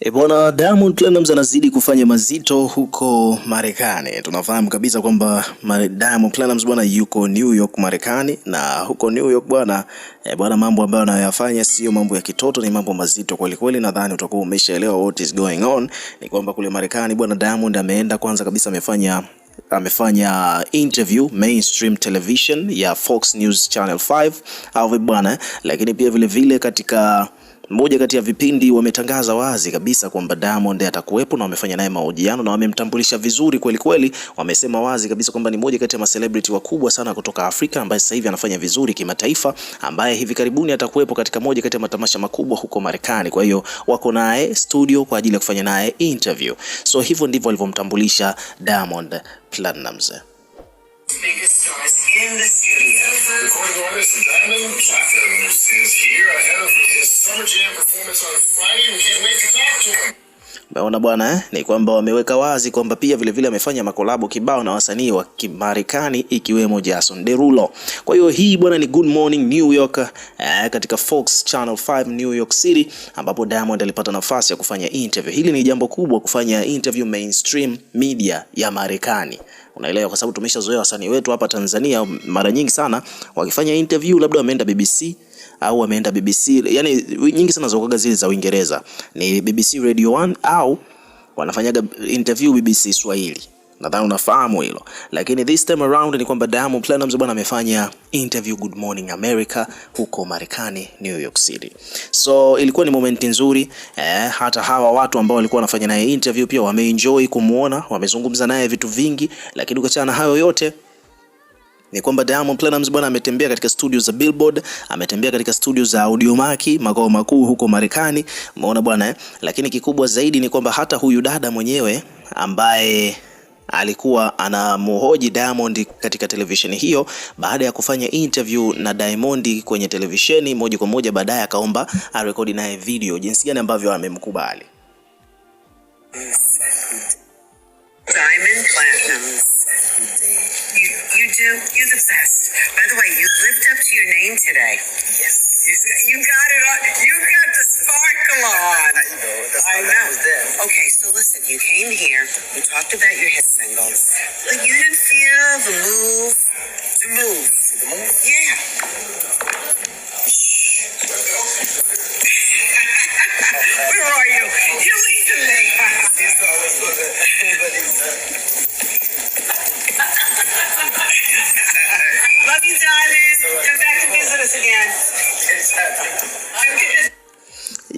E bwana, Diamond Platnumz anazidi kufanya mazito huko Marekani. Tunafahamu kabisa kwamba Diamond Platnumz bwana yuko New York Marekani, na huko New York bwana e bwana, mambo ambayo anayoyafanya sio mambo ya kitoto, ni mambo mazito kweli kweli. Nadhani utakuwa umeshaelewa what is going on. Ni kwamba kule Marekani bwana, Diamond ameenda kwanza kabisa amefanya amefanya interview mainstream television ya Fox News Channel 5 au bwana, lakini pia vile vile katika moja kati ya vipindi wametangaza wazi kabisa kwamba Diamond atakuwepo na wamefanya naye mahojiano na wamemtambulisha vizuri kweli kweli. Wamesema wazi kabisa kwamba ni moja kati ya macelebrity wakubwa sana kutoka Afrika ambaye sasa hivi anafanya vizuri kimataifa, ambaye hivi karibuni atakuwepo katika moja kati ya matamasha makubwa huko Marekani. Kwa hiyo wako naye studio kwa ajili ya kufanya naye interview. So hivyo ndivyo walivyomtambulisha Diamond Platnumz. biggest stars in the studio. Recording artist Diamond Platform is here ahead of his Summer Jam performance on Friday. We can't wait to talk to him. Umeona bwana eh? Ni kwamba wameweka wazi kwamba pia vile vile amefanya makolabo kibao na wasanii wa Kimarekani ikiwemo Jason Derulo. Kwa hiyo hii bwana ni Good Morning New York eh, katika Fox Channel 5 New York City ambapo Diamond alipata nafasi ya kufanya interview. Hili ni jambo kubwa kufanya interview mainstream media ya Marekani. Unaelewa, kwa sababu tumeshazoea wasanii wetu hapa Tanzania mara nyingi sana wakifanya interview labda wameenda BBC au ameenda BBC, yani nyingi sana zokaga zile za Uingereza ni BBC Radio 1 au wanafanyaga interview BBC Swahili, nadhani unafahamu hilo. Lakini this time around ni kwamba Diamond Platnumz bwana amefanya interview Good Morning America huko Marekani, New York City. So ilikuwa ni moment nzuri eh, hata hawa watu ambao walikuwa wanafanya naye interview pia wameenjoy kumuona, wamezungumza naye vitu vingi, lakini ukachana na hayo yote ni kwamba Diamond Platnumz bwana ametembea katika studio za Billboard, ametembea katika studio za Audiomack, makao makuu huko Marekani, umeona bwana eh? Lakini kikubwa zaidi ni kwamba hata huyu dada mwenyewe ambaye alikuwa anamhoji Diamond katika televisheni hiyo. Baada ya kufanya interview na Diamond kwenye televisheni moja kwa moja, baadaye akaomba arekodi naye video jinsi gani ambavyo amemkubali Diamond Platnumz you do, the best. By the way, you lived up to your name today. Yes. You, you got it on. You got the sparkle on. I know. That's I know. was there. Okay, so listen, you came here, you talked about your hit singles. but you didn't feel the move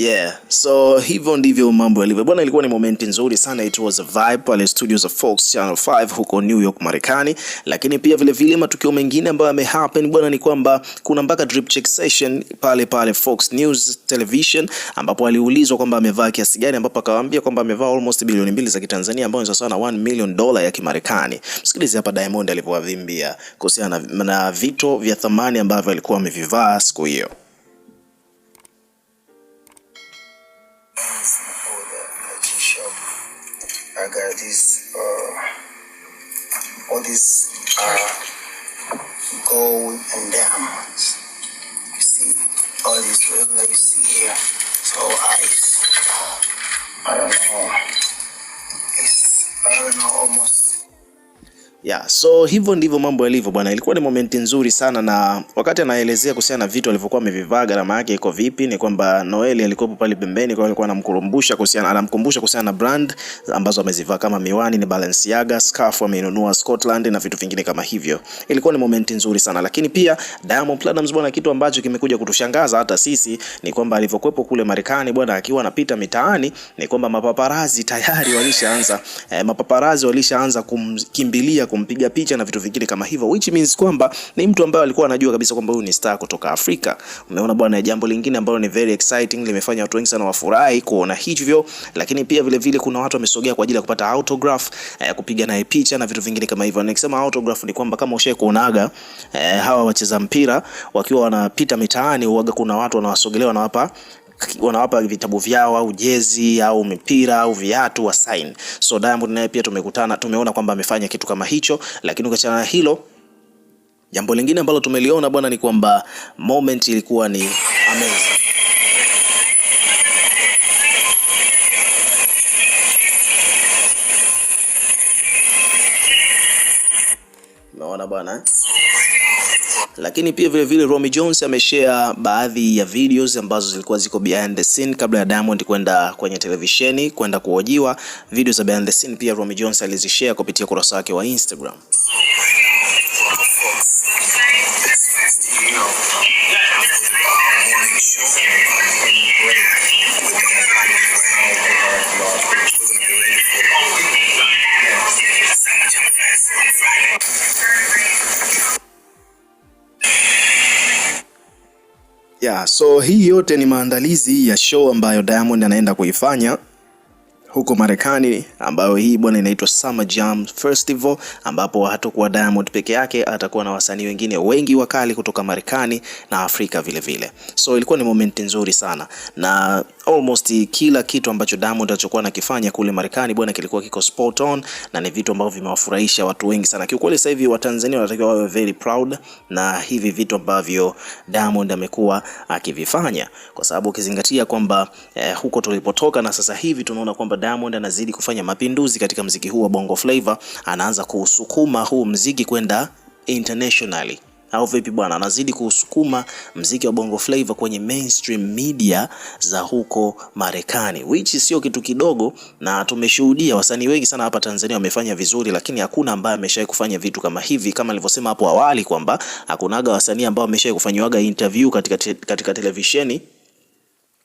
Yeah, so hivyo ndivyo mambo yalivyo bwana. Ilikuwa ni momenti nzuri sana, it was a vibe pale studio za Fox Channel 5 huko New York Marekani. Lakini pia vile vile matukio mengine ambayo yame happen bwana ni kwamba kuna mpaka drip check session pale pale Fox News Television, ambapo aliulizwa kwamba amevaa kiasi gani, ambapo akawaambia kwamba amevaa almost bilioni mbili za Kitanzania ambayo ni sawa na 1 million dola ya Kimarekani. Msikilize hapa Diamond alivyowavimbia kuhusiana na vito vya thamani ambavyo alikuwa amevivaa siku hiyo. all these uh, gold and diamonds. You see, all these whatever you see here, it's all ice. I don't know. It's I don't know almost Yeah, so hivyo ndivyo mambo yalivyo bwana. Ilikuwa ni momenti nzuri sana, na wakati anaelezea kuhusiana na vitu alivyokuwa amevivaa gharama yake iko vipi, ni kwamba Noeli alikuwepo pale pembeni, kwa alikuwa anamkumbusha kuhusiana anamkumbusha kuhusiana na brand ambazo amezivaa kama miwani ni Balenciaga, scarf ameinunua Scotland na vitu vingine kama hivyo. Ilikuwa ni momenti nzuri sana, lakini pia Diamond Platnumz bwana, kitu ambacho kimekuja kutushangaza hata sisi ni kwamba alivyokuwepo kule Marekani bwana, akiwa anapita mitaani ni kwamba mapaparazi tayari walishaanza eh, mapaparazi walishaanza kumkimbilia kumpiga picha na vitu vingine kama hivyo, which means kwamba ni mtu ambaye alikuwa anajua kabisa kwamba huyu ni star kutoka Afrika. Umeona bwana, jambo lingine ambalo ni very exciting limefanya watu wengi sana wafurahi kuona hivyo, lakini pia vile vile kuna watu wamesogea kwa ajili ya kupata autograph, eh, kupiga naye picha na vitu vingine kama hivyo. Nikisema autograph ni kwamba kama ushae kuonaga eh, hawa wacheza mpira wakiwa wanapita mitaani, huaga kuna watu wanawasogelea wanawapa wanawapa vitabu vyao au jezi au mipira au viatu wa sign. So Diamond naye pia tumekutana, tumeona kwamba amefanya kitu kama hicho, lakini ukiachana na hilo jambo lingine ambalo tumeliona bwana ni kwamba moment ilikuwa ni amazing. Umeona bwana eh? Lakini pia vile vile Romy Jones ameshare baadhi ya videos ambazo zilikuwa ziko behind the scene kabla ya Diamond kwenda kwenye televisheni kwenda kuojiwa Videos za behind the scene pia Romy Jones alizishare kupitia kurasa wake wa Instagram. Yeah, so hii yote ni maandalizi ya show ambayo Diamond anaenda kuifanya huko Marekani ambayo hii bwana inaitwa Summer Jam Festival, ambapo hatakuwa Diamond peke yake, atakuwa na wasanii wengine wengi wakali kutoka Marekani na Afrika vilevile vile. So ilikuwa ni momenti nzuri sana na almost kila kitu ambacho Diamond alichokuwa anakifanya kule Marekani bwana kilikuwa kiko spot on na ni vitu ambavyo vimewafurahisha watu wengi sana. Kiukweli sasa hivi Watanzania wanatakiwa wawe very proud na hivi vitu ambavyo Diamond amekuwa akivifanya, kwa sababu ukizingatia kwamba eh, huko tulipotoka na sasa hivi tunaona kwamba Diamond anazidi kufanya mapinduzi katika mziki huu wa Bongo Flava, anaanza kuusukuma huu mziki kwenda internationally au vipi bwana? Anazidi kusukuma mziki wa Bongo Flava kwenye mainstream media za huko Marekani, which sio kitu kidogo, na tumeshuhudia wasanii wengi sana hapa Tanzania wamefanya vizuri, lakini hakuna ambaye ameshawahi kufanya vitu kama hivi, kama nilivyosema hapo awali kwamba hakunaga wasanii ambao wameshawahi kufanyiwaga interview katika, katika televisheni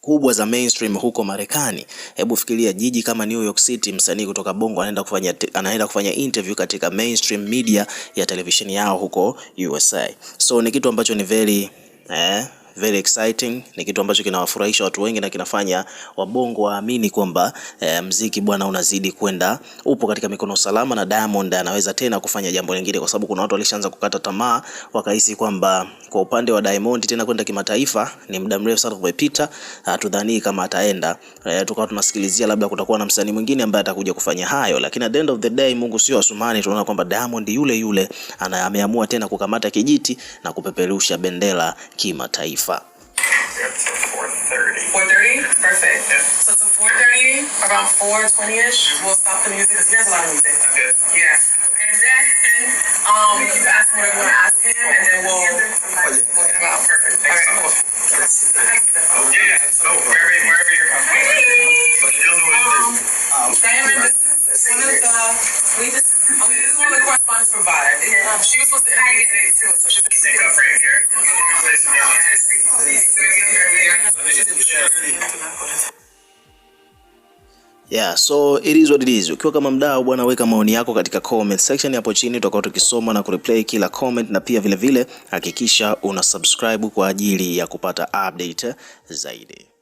kubwa za mainstream huko Marekani. Hebu fikiria jiji kama New York City, msanii kutoka Bongo anaenda kufanya, anaenda kufanya interview katika mainstream media ya televisheni yao huko USA. So ni kitu ambacho ni very eh, very exciting, ni kitu ambacho kinawafurahisha watu wengi na kinafanya wabongo waamini kwamba e, mziki bwana unazidi kwenda, upo katika mikono salama, na Diamond anaweza tena kufanya jambo lingine, kwa sababu kuna watu walishaanza kukata tamaa, wakahisi kwamba kwa upande wa Diamond tena kwenda kimataifa ni muda mrefu sana umepita, hatudhani kama ataenda e, tukawa tunasikilizia labda kutakuwa na msanii mwingine ambaye atakuja kufanya hayo, lakini at the end of the day Mungu sio asumani, tunaona kwamba Diamond yule yule ana ameamua tena kukamata kijiti na kupeperusha bendera kimataifa. Alpha. 4.30. 4.30? Perfect. Yeah. So it's a 4.30, around 4.20ish, we'll stop the music because he has a lot of music. Okay. Yeah. And then um, you ask me what you want to ask him, and then we'll talk about perfect. All right. Cool. Yeah. So wherever, wherever you're coming from. Um, Diamond, this is one of the, we just, okay, this is one of the correspondents from Vibe. Yeah. She Yeah, so it is what it is. Ukiwa kama mdau bwana, weka maoni yako katika comment section hapo chini, tutakuwa tukisoma na kureplay kila comment, na pia vilevile hakikisha vile, una subscribe kwa ajili ya kupata update zaidi.